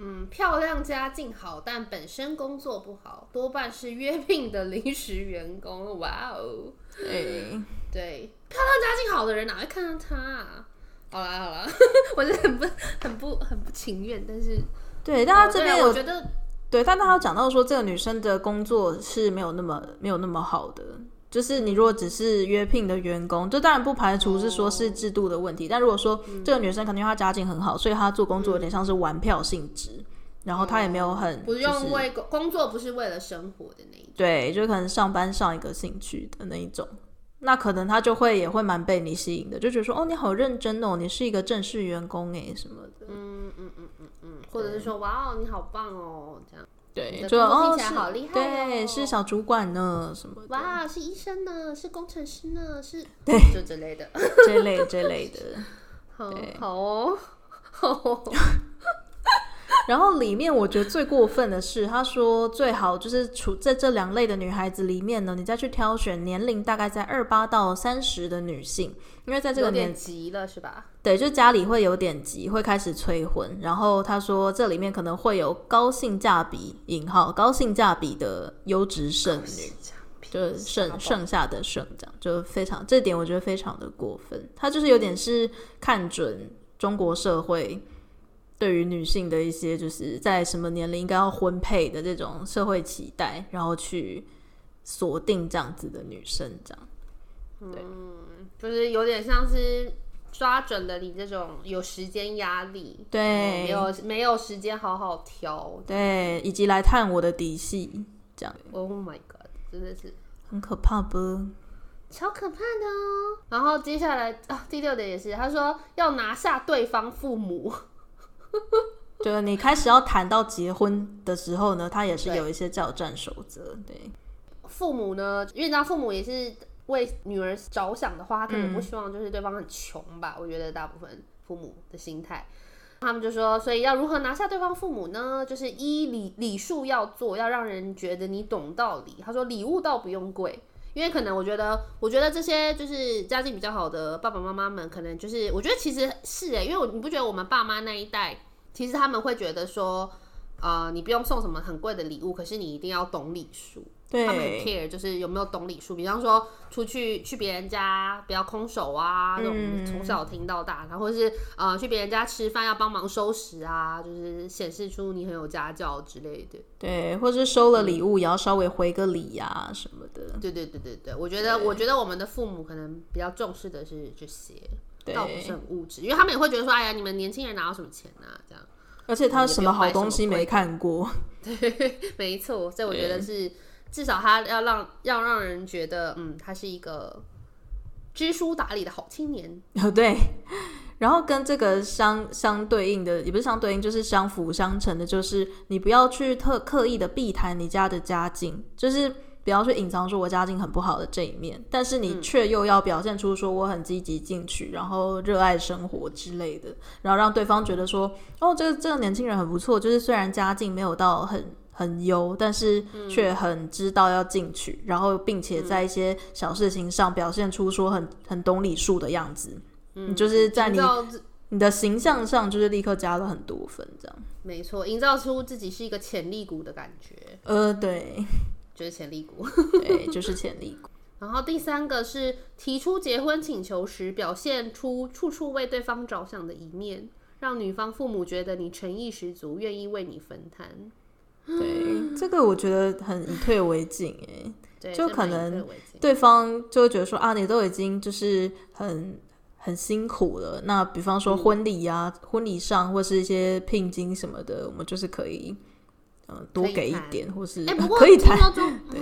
嗯，漂亮家境好，但本身工作不好，多半是約聘的臨時員工。哇哦。哎、嗯，對，看到家境好的人哪會看上他？啊？好啦好啦， 我是很不、很不、很不情願，但是
對，但他這邊、哦啊、我覺
得
對，但他有講到說，這個女生的工作是沒有那麼、沒有那麼好的，就是你如果只是約聘的員工，就當然不排除是說是制度的問題，哦、但如果說、嗯、這個女生肯定她家境很好，所以她做工作有點像是玩票性質。嗯然後他也沒有很，嗯、不用為、
就是、工作，不是為了生活的那
一種，對，就可能上班上一個興趣的那一種，那可能他就會也會蠻被你吸引的，就覺得說，哦，你好認真哦，你是一個正式員工誒什麼的，嗯
嗯嗯嗯嗯，或者是說，哇哦，你好棒哦，這樣，對，就工作聽起來好
厲害、哦、對，是小主管呢，什麼的，
哇，是醫生呢，是工程師呢，是，對，就
這類的， 這類這類的，
好好好、哦。
然後裡面我覺得最過分的是，他說最好就是處在這兩類的女孩子裡面呢，你再去挑選年齡大概在二八到三十的女性，因為在這個年紀
有點急了是吧？
對，就家裡會有點急，會開始催婚。然後他說這裡面可能會有高性價比（引號）高性價比的優質剩女，就是剩剩下的剩這樣，就非常這點我覺得非常的過分。他就是有點是看準中國社會。嗯對於女性的一些，就是在什麼年齡應該要婚配的這種社會期待，然後去鎖定這樣子的女生，這樣，
對、嗯，就是有點像是抓準了你這種有時間壓力，對，沒有沒有時間好好挑對，
對，以及來探我的底細，這
樣。Oh my god，真的是
很可怕不？
超可怕的哦。然後接下來、啊、第六點也是，他說要拿下對方父母。
對， 你開始要談到結婚的時候呢，他也是有一些教戰守策。對，
父母呢，因為他父母也是為女兒着想的話，他可能不希望就是對方很窮吧、嗯。我覺得大部分父母的心態，他們就說，所以要如何拿下對方父母呢？就是依禮、禮數要做，要讓人覺得你懂道理。他說禮物倒不用貴。因為可能我覺得，我覺得這些就是家境比較好的爸爸媽媽們，可能就是我覺得其實是誒、欸。因為我你不覺得我們爸媽那一代，其實他們會覺得說，啊、呃，你不用送什麼很貴的禮物，可是你一定要懂禮數。
對他們很 care
就是有沒有懂禮數，比方說出去去別人家不要空
手啊，那種從小
聽到大，然、嗯、後是呃去別人家吃飯要幫忙收拾啊，就是顯示出你很有家教之類的。
對，或是收了禮物也要稍微回個禮呀、啊、什麼的。對對對對對，
我覺得對我覺得我們的父母可能比較重視的是這些，對倒不是很物質，因為他們也會覺得說哎呀你們年輕人哪有什麼錢啊這樣，
而且他什麼好東西沒看過。
對，沒錯，所以我覺得是。至少他要讓要讓人覺得，嗯，他是一個知書達理的好青年。
嗯，對，然後跟這個相相對應的，也不是相對應，就是相輔相成的，就是你不要去特刻意的避談你家的家境，就是不要去隱藏說我家境很不好的這一面，但是你卻又要表現出說我很積極進取，嗯，然後熱愛生活之類的，然後讓對方覺得說，哦，這個這個年輕人很不錯，就是雖然家境沒有到很。很優，但是卻很知道要進取、嗯，然後並且在一些小事情上表現出說很、嗯、很懂禮數的樣子。
嗯，你就是在你
你的形象上就是立刻加了很多分，這樣
沒錯，營造出自己是一個潛力股的感覺。呃，
對，就是潛力股， 對，就是潛力股。
然後第三個是提出結婚請求時，表現出處處為對方着想的一面，讓女方父母覺得你誠意十足，願意為你分擔。
對、嗯，這個我覺得很以退為進哎、欸，就可能對方就會覺得說、嗯、啊，你都已經就是很很辛苦了。那比方說婚禮啊，嗯、婚禮上或是一些聘金什麼的，我們就是可以嗯、呃、多給一點，可以談或是哎、欸、不過 可以談中
對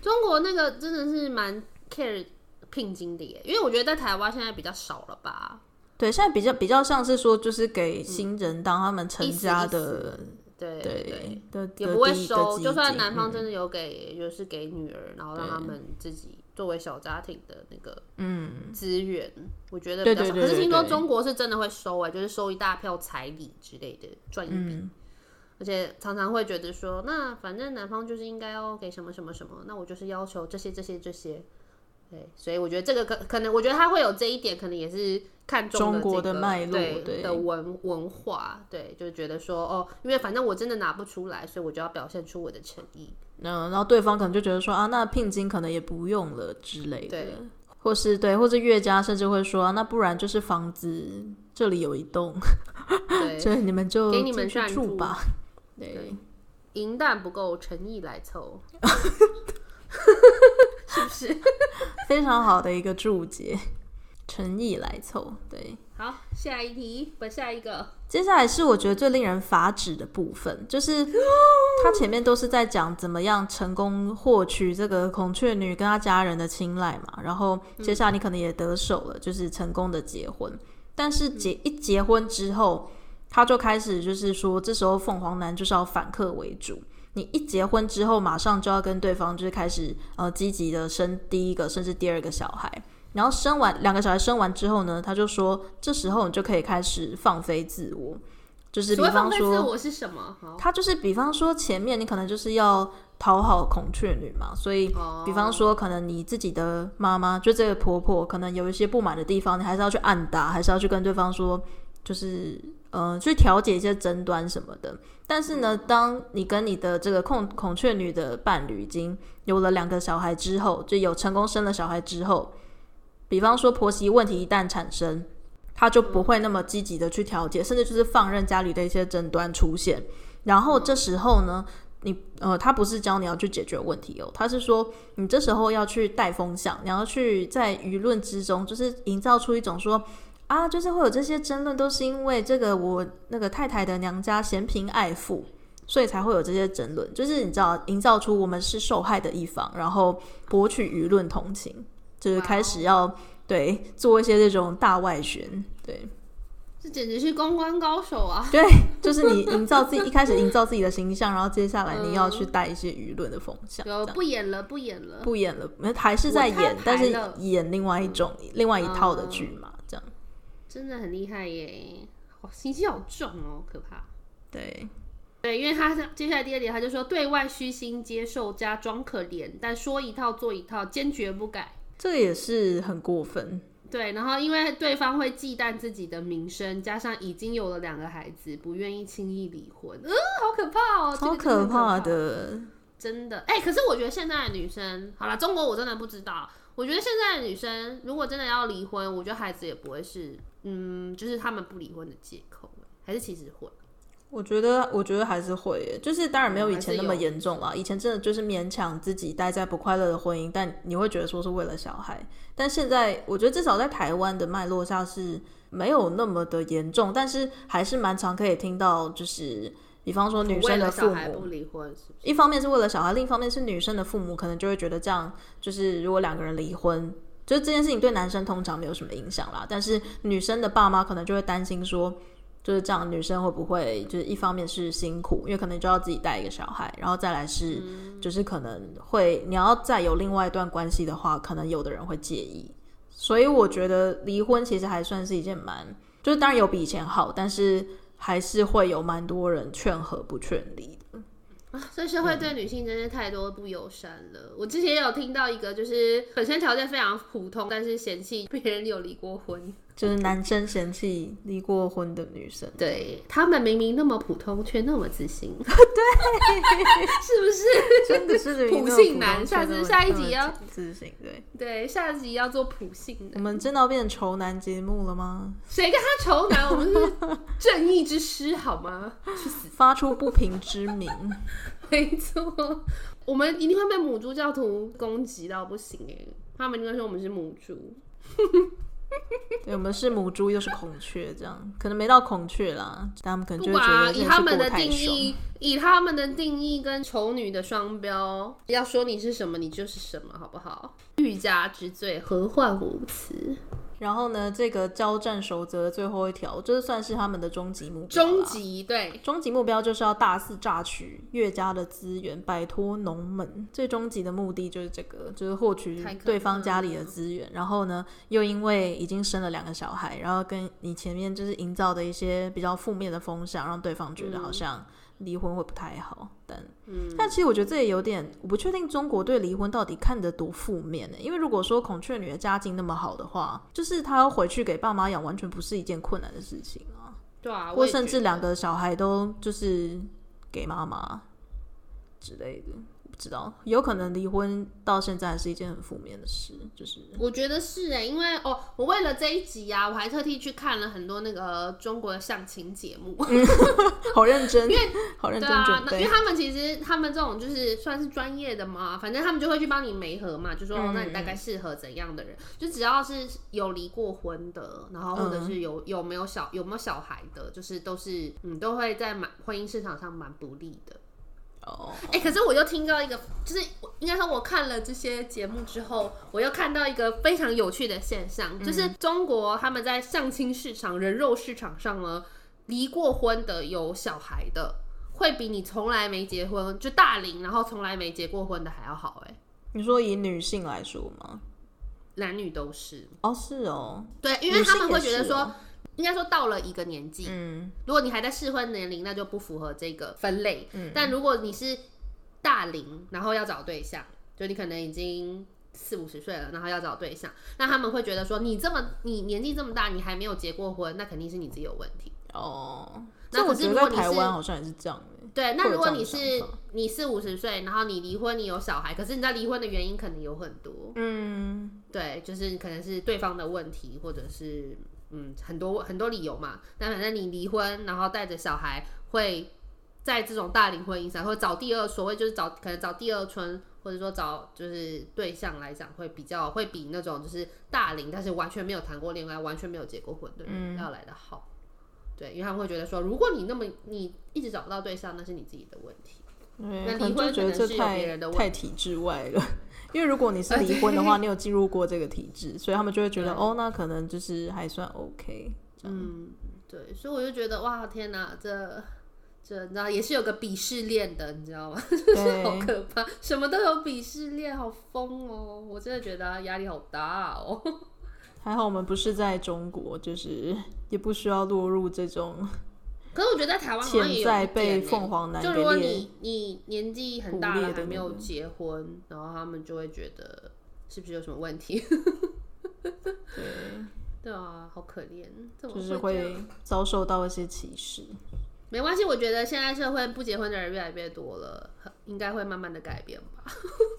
中國那個真的是蠻 care 聘金的耶，因為我覺得在台灣現在比較少了吧？
對，現在比較比較像是說就是給新人當他們成家的、嗯。一次一次.對對對，也不會收。The, the, the 就算男方
真的有給、嗯，就是給女兒，然後讓他們自己作為小家庭的那個嗯資源，對，我覺得比較少對對對對。可是聽說中國是真的會收啊，就是收一大票彩禮之類的，賺一筆。而且常常會覺得說，那反正男方就是應該要給什麼什麼什麼，那我就是要求這些這些這些。對，所以我覺得這個可可能，我覺得他會有這一點，可能也是看中、這個、中國的脈絡，對，對的文文化，對，就覺得說哦，因為反正我真的拿不出來，所以我就要表現出我的誠意。
嗯，然後對方可能就覺得說啊，那聘金可能也不用了之類的，或是對，或者岳家甚至會說、啊，那不然就是房子這裡有一棟， 對，所以你們就給你們住、住吧，對，
銀彈不夠誠意來湊。
是不是非常好的一個注解？誠意來湊，對，
好，下一題，不，下一個，
接下來是我覺得最令人髮指的部分，就是他前面都是在講怎麼樣成功獲取這個孔雀女跟他家人的青睞嘛，然後接下來你可能也得手了，就是成功的結婚，但是結一結婚之後，他就開始就是說，這時候鳳凰男就是要反客為主。你一結婚之後，馬上就要跟對方就是開始呃積極的生第一個甚至第二個小孩，然後生完兩個小孩生完之後呢，他就說，這時候你就可以開始放飛自我，就是比方說放飛自我
是什麼？
他就是比方說前面你可能就是要討好孔雀女嘛，所以比方說可能你自己的媽媽就這個婆婆可能有一些不滿的地方，你還是要去暗打，還是要去跟對方說就是。嗯、呃，去調解一些爭端什麼的。但是呢，當你跟你的這個控孔雀女的伴侶已經有了兩個小孩之後，就有成功生了小孩之後，比方說婆媳問題一旦產生，他就不會那麼積極的去調解，甚至就是放任家裡的一些爭端出現。然後這時候呢，你呃，他不是教你要去解決問題哦，他是說你這時候要去帶風向，你要去在輿論之中，就是營造出一種說。啊，就是會有這些爭論，都是因為這個我那個太太的娘家嫌貧愛富，所以才會有這些爭論。就是你知道，營造出我們是受害的一方，然後博取輿論同情，就是開始要、wow. 對，做一些這種大外宣。對，
這簡直是公關高手啊！對，
就是你營造自己 一開始營造自己的形象，然後接下來你要去帶一些輿論的風向、
嗯。不演了，不演
了，不演了，沒，還是在演，但是演另外一種、另外一套的劇嘛。
真的很厲害耶！哇、喔，心機好重哦、喔，可怕。對，對，因為他接下來第二點，他就說對外虛心接受，假裝可憐，但說一套做一套，堅決不改。
這也是很過分。
對，然後因為對方會忌憚自己的名聲，加上已經有了兩個孩子，不願意輕易離婚。嗯、呃，好可怕哦、喔，超可怕的，真的，怕怕真的。誒、欸，可是我覺得現在的女生，好了，中國我真的不知道。我覺得現在的女生，如果真的要離婚，我覺得孩子也不會是。嗯，就是
他們不離婚的借口，還是其實會？我覺得，我覺得還是會，就是當然沒有以前那麼嚴重啦。以前真的就是勉強自己待在不快樂的婚姻，但你會覺得說是為了小孩。但現在，我覺得至少在台灣的脈絡下是沒有那麼的嚴重，但是還是蠻常可以聽到，就是比方說女生的父母，為了小孩不離婚是不是，一方面是為了小孩，另一方面是女生的父母可能就會覺得這樣，就是如果兩個人離婚。就這件事情對男生，通常沒有什麼影響啦，但是女生的爸媽可能就會擔心說，就是這樣，女生會不會就是一方面是辛苦，因為可能就要自己帶一個小孩，然後再來是就是可能會你要再有另外一段關係的話，可能有的人會介意。所以我覺得離婚其實還算是一件蠻，就是當然有比以前好，但是還是會有蠻多人勸和不勸離。
啊，這社會對女性真是太多不友善了。嗯、我之前也有聽到一個，就是本身條件非常普通，但是嫌棄別人有離過婚。
就是男生嫌棄離過婚的女生，對，他們明明那
麼普通，卻那麼自信， 對， 是不是？真的是普信男。下次下一集要
自信，對
對，下一集要，集要做普信男。
我們真的要變成仇男節目了嗎？
誰跟他仇男？我們是正義之師，好嗎？去死！發出不平之鳴。 沒錯，我們一定會被母豬教徒攻擊到不行耶。他們應該說我們是母豬。
對，我們是母豬，又是孔雀，這樣可能沒到孔雀啦，他們可能就會覺得，以他們的定義，
以他們的定義跟醜女的雙標，要說
你是什麼，你就是什麼，好不好？欲加之罪，
何患無辭？
然後呢，這個教戰守策最後一條，這算是他們的終極目標。終極，對，終極目標就是要大肆榨取岳家的資源，擺脫農門。最終極的目的就是這個，就是獲取對方家裡的資源。然後呢，又因為已經生了兩個小孩，然後跟你前面就是營造的一些比較負面的風向，讓對方覺得好像。離婚會不太好，但、嗯、但其實我覺得這也有點，我不確定中國對離婚到底看得多負面呢、欸。因為如果說孔雀女的家境那麼好的話，就是她要回去給爸媽養，完全不是一件困難的事情啊。對啊，我或甚至兩個小孩都就是給媽媽之類的。知道，有可能離婚到現在是一件很負面的事，就是我
覺得是哎、欸，因為哦，我為了這一集呀、啊，我還特地去看了很多那個中國的相親節目、嗯，
好認真，因為好認真準備。對啊，因為他們
其實他們這種就是算是專業的嘛，反正他們就會去幫你媒合嘛，就說、哦、那你大概適合怎樣的人，嗯嗯，就只要是有離過婚的，然後或者是有有沒有小有沒有小孩的，就是都是嗯都會在滿婚姻市場上蠻不利的。哦，哎，可是我又聽到一個，就是應該說，我看了這些節目之後，我又看到一個非常有趣的現象，就是中國他們在相親市場、人肉市場上呢，離過婚的、有小孩的，會比你從來沒結婚、就大齡然後從來沒結過婚的還要
好，欸。哎，你說以女性來說嗎？男女都是哦，是哦，對，因為他們會覺得說。
應該說到了一個年紀，嗯，如果你還在適婚年齡，那就不符合這個分類。嗯，但如果你是大齡，然後要找對象，就你可能已經四五十歲了，然後要找對象，那他們會覺得說你這麼你年紀這麼大，你還沒有結過婚，那肯定是你自己有問題
哦。那可是如果你是我覺得在台灣好像也是這樣。對，那如果你是
你四五十歲，然後你離婚，你有小孩，可是你知道離婚的原因可能有很多。嗯，對，就是可能是對方的問題，或者是。嗯，很多很多理由嘛，但反正你離婚，然後帶着小孩，會在這種大齡婚姻上，或者找第二所，所謂就是找可能找第二春，或者說找就是對象來講，會比較會比那種就是大齡，但是完全沒有談過戀愛，完全沒有結過婚的人、嗯、要來的好，對，因為他們會覺得說，如果你那麼你一直找不到對象，那是你自己的問題。
對，那可能就覺得這太太體制外了，因為如果你是離婚的話， 你有進入過這個體制，所以他們就會覺得哦，那可能就是還算 OK。嗯，
對，所以我就覺得哇，天哪，這這那也是有個鄙視鏈的，你知道嗎？對 好可怕，什麼都有鄙視鏈，好瘋哦！我真的覺得壓力好大哦。
還好我們不是在中國，就是也不需要落入這種。
可是我覺得在台灣好像也有點，在被鳳凰男就，如果你你年紀很大了還沒有
結婚，
對對對，然後他們就會覺得是不是有什麼問題？ 對，對啊，
好可憐，就是會遭受到一些歧視。
沒關係，我覺得現在社會不結婚的人越來越多了，應該會慢慢的改變吧。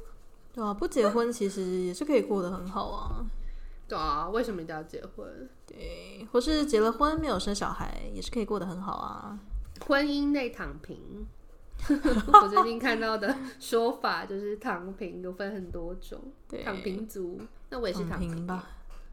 對啊，不結婚其實也是可以過得很好啊。
對啊，為什麼一定要結婚？對，
或是結了婚沒有生小孩，也是可以過得很好啊。婚姻內躺平，
我最近看到的說法就是躺平，有分很多種。躺平族，那我也是躺平吧，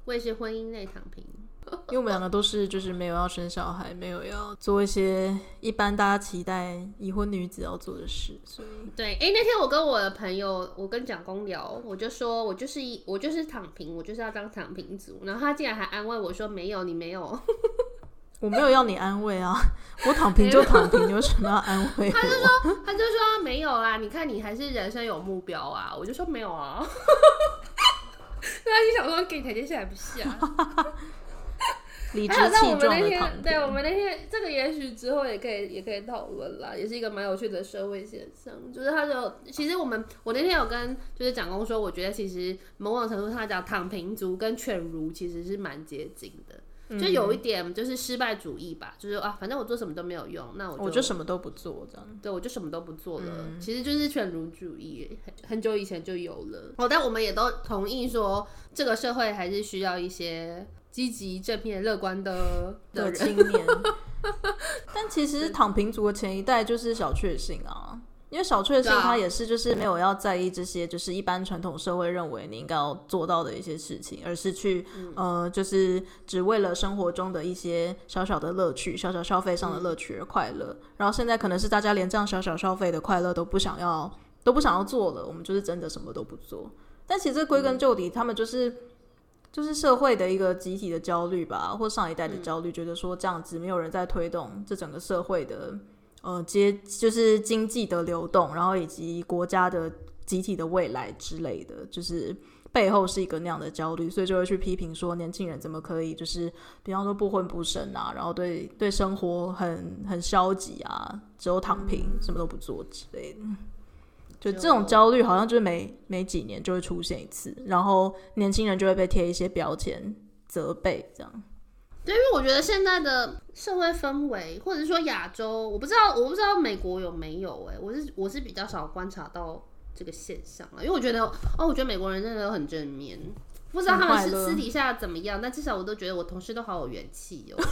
我也是婚姻內
躺平。 因為我們兩個都是就是沒有要生小孩，沒有要做一些一般大家期待已婚女子要做的事，所以
對。哎、欸，那天我跟我的朋友，我跟蔣公聊，我就說我就是一我就是躺平，我就是要當躺平族。然後他竟然還安慰我說：“沒有，你沒有，
我沒有要你安慰啊，我躺平就躺平，有 什麼要安慰？” 他就
說：“他就說沒有啊，你看你還是人生有目標啊。”我就說：“沒有啊。”哈哈，你想說給你台階下不是啊？
還有在我們那天，
對我們那天，這個也許之後也可以，也可以討論啦，也是一個蠻有趣的社會現象。就是他就其實我們，我那天有跟就是蔣工說，我覺得其實某種程度上他講，躺平族跟犬儒其實是蠻接近的。
就有一
點就是失敗主義吧，mm -hmm. 就是啊，反正我做什麼都沒有用，那我就,我就什麼
都不做這樣，
對，我就什麼都不做了，mm -hmm. 其實就是犬儒主義，很很久以前就有了。Oh, 但我們也都同意說，這個社會還是需要一些
積極、正面、樂觀的的青年。 但其實躺平族的前一代就是小確幸啊。因為小確幸他也是，就是沒有要在意這些，就是一般傳統社會認為你應該要做到的一些事情，而是去、嗯、呃，就是只為了生活中的一些小小的樂趣、小小消費上的樂趣而快樂、嗯。然後現在可能是大家連這樣小小消費的快樂都不想要，都不想要做了，我們就是真的什麼都不做。但其實這個歸根究底，他、嗯、們就是就是社會的一個集體的焦慮吧，或上一代的焦慮，嗯、覺得說這樣子沒有人在推動這整個社會的。呃、嗯，接就是經濟的流動，然後以及國家的集體的未來之類的，就是背後是一個那樣的焦慮，所以就會去批評說年輕人怎麼可以，就是比方說不婚不生啊，然後對對生活很很消極啊，只有躺平、嗯，什麼都不做之類的。就這種焦慮好像就是每每幾年就會出現一次，然後年輕人就會被貼一些標籤，責備這樣。
對，因為我覺得現在的社會氛圍，或者是說亞洲，我不知道，我不知道美國有沒有哎，我是我是比較少觀察到這個現象了。因為我覺得，哦，我覺得美國人真的都很正面，不知道他們是私底下怎麼樣，但至少我都覺得我同事都好有元氣喲、哦。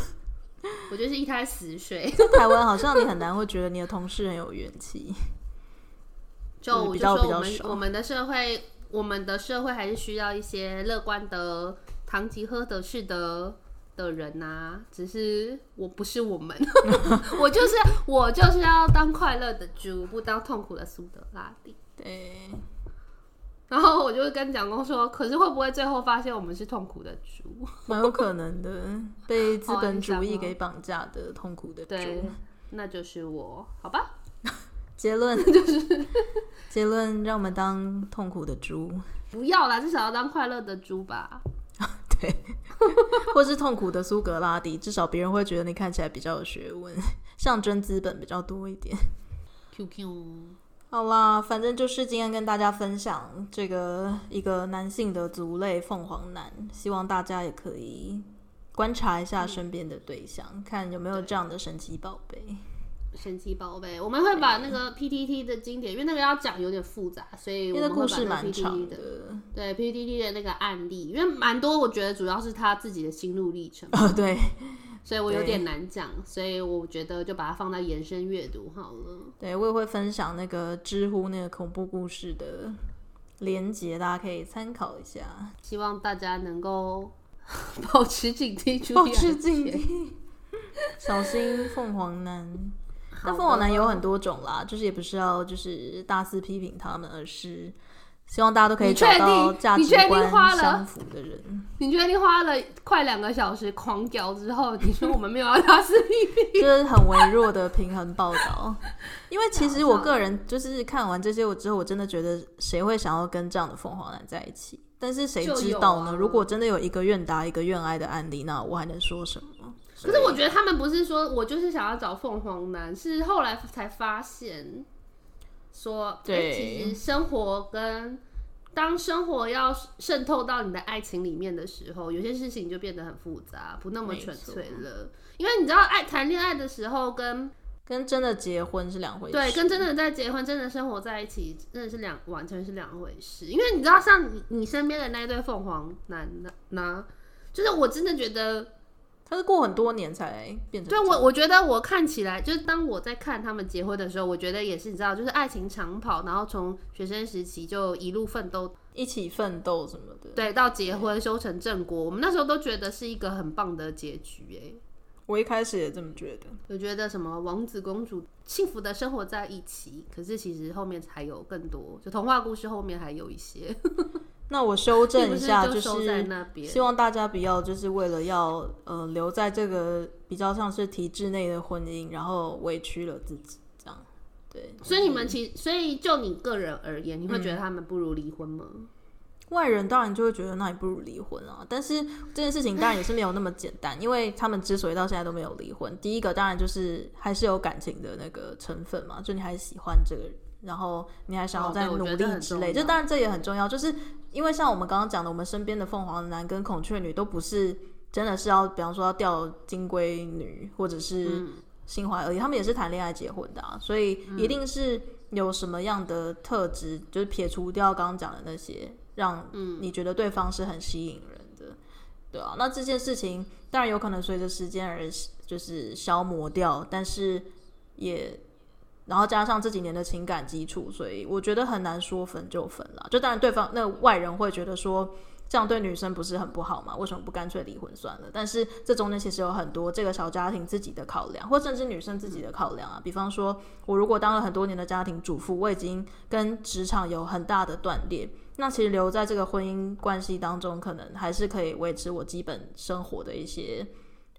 我就是一灘死水。在
台灣，好像你很難會覺得你的同事很有元氣。 就比較我比較少就我就說我們。我
們的社會，我們的社會還是需要一些樂觀的、堂吉訶德式的的人吶、啊，只是我不是我們， 我就是我就是要當快樂的豬，不當痛苦的蘇格拉底。對，然後我就跟蔣工說，可是會不會最後發現我們是痛苦的豬？
蠻有可能的， 被資本主義給綁架的痛苦的豬、哦，那就是我。好吧， 結論論 就是結論，讓我們當痛苦的豬，
不要啦，至少要當快樂的豬吧。
或是痛苦的蘇格拉底，至少別人會覺得你看起來比較有學問，象徵資本比較多一點。QQ，好啦，反正就是今天跟大家分享這個一個男性的族類鳳凰男，希望大家也可以觀察一下身邊的對象，嗯，看有沒有這樣的神奇寶貝。
神奇寶貝，我們會把那個 PTT 的經典，因為那個要講有點複雜，所以我們會把那個 PTT 故事蠻長的。對 PTT 的那個案例，因為蠻多，我覺得主要是他自己的心路歷程、哦。對，所以我有點難講，所以我覺得就把它放在延伸閱讀好了。
對，我也會分享那個知乎那個恐怖故事的連結，大家可以參考一下。希望大家能夠保持警惕，保持警惕，小心鳳凰男。那鳳凰男有很多種啦、哦，就是也不是要就是大肆批評他們而，而是希望大家都可以找到價值觀相符的人。你
確定，定，定花了快兩個小時狂譙，之後，你說我們沒有要大肆批評， 就是很微弱的平衡
報道。因為其實我個人就是看完這些我之後，我真的覺得誰會想要跟這樣的鳳凰男在一起？但是誰知道呢、啊？如果真的有一個願打一個願挨的案例，那我還能說什麼？
可是我覺得他們不是說，我就是想要找鳳凰男，是後來才發現說，對、欸，其實生活跟當生活要滲透到你的愛情裡面的時候，有些事情就變得很
複雜，不那麼純粹了。因
為你知道，愛談戀愛的時候跟
跟真的結婚是兩回事，對，跟
真的在結婚、真的生活在一起，真的是兩完全是兩回事。因為你知道，像你你身邊的那一對鳳凰男呢、啊，就是我真的覺得。但是過很多年才變成對我，我覺得我看起來就是當我在看他們結婚的時候，我覺得也是你知道，就是愛情長跑，然後從學生時期就一路奮鬥，一起奮鬥什麼的，對，到結婚修成正果，我們那時候都覺得是一個很棒的結局誒、欸。我一開始也這麼覺得，我覺得什麼王子公主幸福的生活在一起，可是其實後面還有更多，就童話故事後面還有一些。
那我修正一下就，就是希望大家不要就是為了要呃留在這個比較像是體制內的婚姻，然後委屈了自己這樣。對，所以你們其、嗯、所以就你個人而言，你會覺得他們不如離婚嗎、嗯？外人當然就會覺得那你不如離婚啊，但是這件事情當然也是沒有那麽簡單， 因為他們之所以到現在都沒有離婚，第一個當然就是還是有感情的那個成分嘛，就你還是喜歡這個人。然後你還想要再努力之、oh, 類，就當然這也很重要，就是因為像我們剛剛講的，我們身邊的鳳凰男跟孔雀女都不是真的是要，比方說要釣金龜女或者是心懷而已，嗯、他們也是談戀愛結婚的、啊，所以一定是有什麼樣的特質，嗯、就是撇除掉剛剛講的那些，讓你覺得對方是很吸引人的，嗯、對啊，那這件事情當然有可能隨着時間而就是消磨掉，但是也。然後加上這幾年的情感基礎，所以我覺得很難說分就分了。就當然對方那個、外人會覺得說，這樣對女生不是很不好嗎？為什麼不乾脆離婚算了？但是這中間其實有很多這個小家庭自己的考量，或甚至女生自己的考量啊。比方說，我如果當了很多年的家庭主婦，我已經跟職場有很大的斷裂，那其實留在這個婚姻關係當中，可能還是可以維持我基本生活的一些。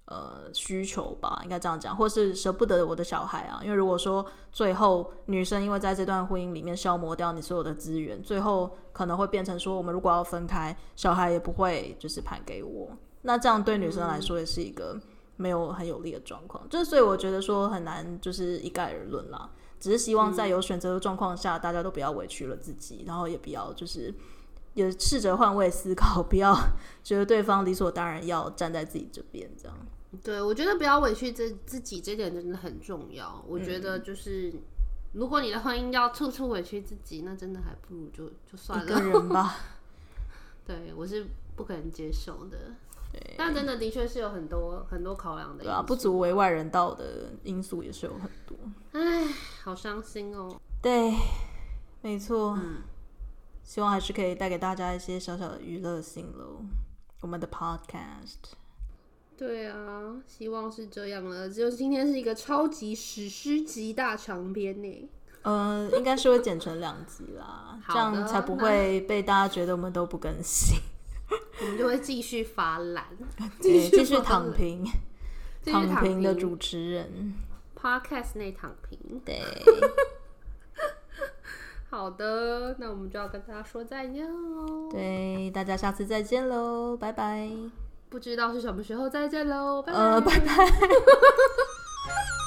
呃，需求吧，應該這樣講，或是捨不得我的小孩啊，因為如果說最後女生因為在這段婚姻裡面消磨掉你所有的資源，最後可能會變成說，我們如果要分開，小孩也不會就是判給我，那這樣對女生來說也是一個沒有很有利的狀況，就是所以我覺得說很難就是一概而論啦，只是希望在有選擇的狀況下，大家都不要委屈了自己，然後也不要就是。也試着換位思考，不要覺得對方理所當然要站在自己這邊，這樣。
對，我覺得不要委屈自自己這點真的很重要，嗯。我覺得就是，如果你的婚姻要處處委屈自己，那真的還不如就就算了。個人吧
對，我是不可能接受的。對，但真的
的確是有很多很多考量的
因素啊。對啊，不足為外人道的因素也是有很多。哎，好傷心哦。對，沒錯。嗯。希望還是可以帶給大家一些小小的娛樂性咯。我們的 podcast，
對啊，希望是這樣了。只有今天是一個超級史詩級大長篇呢，嗯、
呃，應該是會剪成兩集啦， 這樣才不會被大家覺得我們都不更新。
我 們就會繼續發懶， 繼
續、欸、繼續繼續躺平，躺平的主持人
podcast 內躺平，對。 好的，那我們就要跟大家說再見嘍。
對，大家下次再見嘍，拜拜。
不知道是什麼時候再見嘍，拜拜，呃，拜拜。